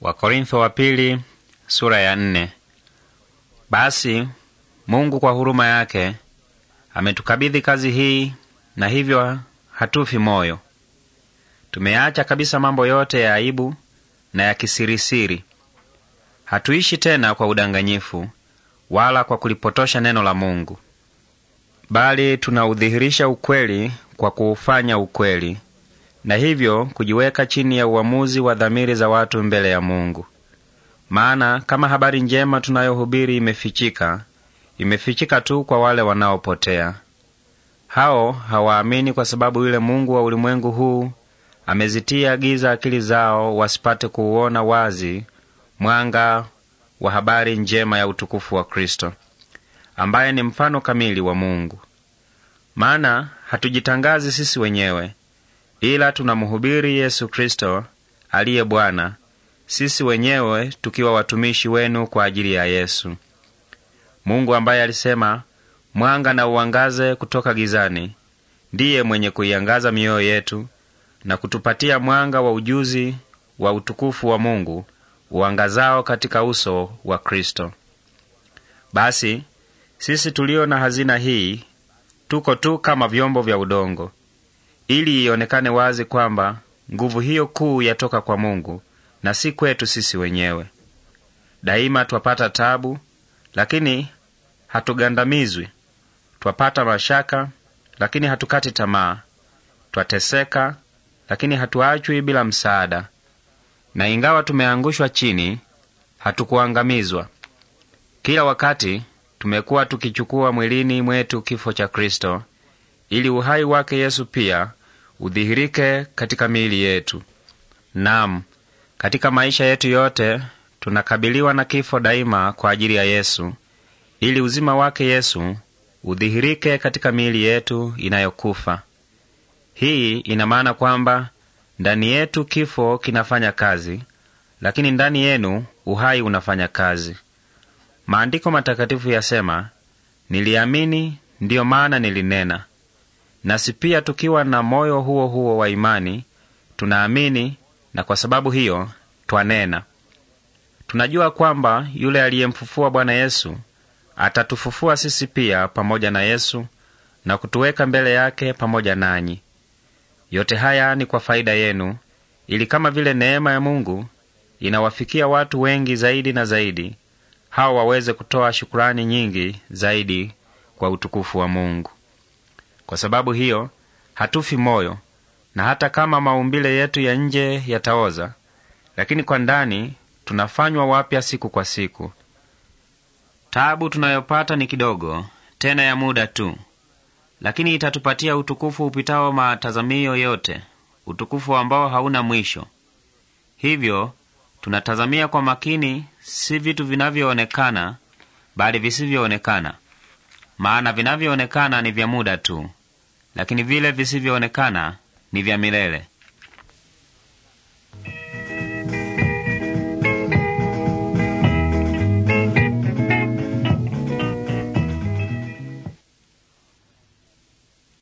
Wakorintho wa pili, sura ya nne. Basi Mungu kwa huruma yake ametukabidhi kazi hii na hivyo hatufi moyo. Tumeacha kabisa mambo yote ya aibu na ya kisirisiri. Hatuishi tena kwa udanganyifu wala kwa kulipotosha neno la Mungu, bali tunaudhihirisha ukweli kwa kuufanya ukweli na hivyo kujiweka chini ya uamuzi wa dhamiri za watu mbele ya Mungu. Maana kama habari njema tunayohubiri imefichika, imefichika tu kwa wale wanaopotea. Hao hawaamini kwa sababu yule mungu wa ulimwengu huu amezitia giza akili zao wasipate kuuona wazi mwanga wa habari njema ya utukufu wa Kristo, ambaye ni mfano kamili wa Mungu. Maana hatujitangazi sisi wenyewe, ila tunamhubiri Yesu Kristo aliye Bwana, sisi wenyewe tukiwa watumishi wenu kwa ajili ya Yesu. Mungu ambaye alisema mwanga na uangaze kutoka gizani, ndiye mwenye kuiangaza mioyo yetu na kutupatia mwanga wa ujuzi wa utukufu wa Mungu uangazao katika uso wa Kristo. Basi sisi tulio na hazina hii tuko tu kama vyombo vya udongo ili ionekane wazi kwamba nguvu hiyo kuu yatoka kwa Mungu na si kwetu sisi wenyewe. Daima twapata tabu, lakini hatugandamizwi; twapata mashaka, lakini hatukati tamaa; twateseka, lakini hatuachwi bila msaada, na ingawa tumeangushwa chini, hatukuangamizwa. Kila wakati tumekuwa tukichukua mwilini mwetu kifo cha Kristo, ili uhai wake Yesu pia udhihirike katika miili yetu. Naam, katika maisha yetu yote tunakabiliwa na kifo daima kwa ajili ya Yesu, ili uzima wake Yesu udhihirike katika miili yetu inayokufa. Hii ina maana kwamba ndani yetu kifo kinafanya kazi, lakini ndani yenu uhai unafanya kazi. Maandiko matakatifu yasema, niliamini ndiyo maana nilinena. Nasi pia tukiwa na moyo huo huo wa imani tunaamini, na kwa sababu hiyo twanena. Tunajua kwamba yule aliyemfufua Bwana Yesu atatufufua sisi pia pamoja na Yesu na kutuweka mbele yake pamoja nanyi. Yote haya ni kwa faida yenu, ili kama vile neema ya Mungu inawafikia watu wengi zaidi na zaidi, hawa waweze kutoa shukurani nyingi zaidi kwa utukufu wa Mungu. Kwa sababu hiyo hatufi moyo, na hata kama maumbile yetu ya nje yataoza, lakini kwa ndani tunafanywa wapya siku kwa siku. Taabu tunayopata ni kidogo, tena ya muda tu, lakini itatupatia utukufu upitao matazamio yote, utukufu ambao hauna mwisho. Hivyo tunatazamia kwa makini, si vitu vinavyoonekana, bali visivyoonekana, maana vinavyoonekana ni vya muda tu, lakini vile visivyoonekana ni vya milele.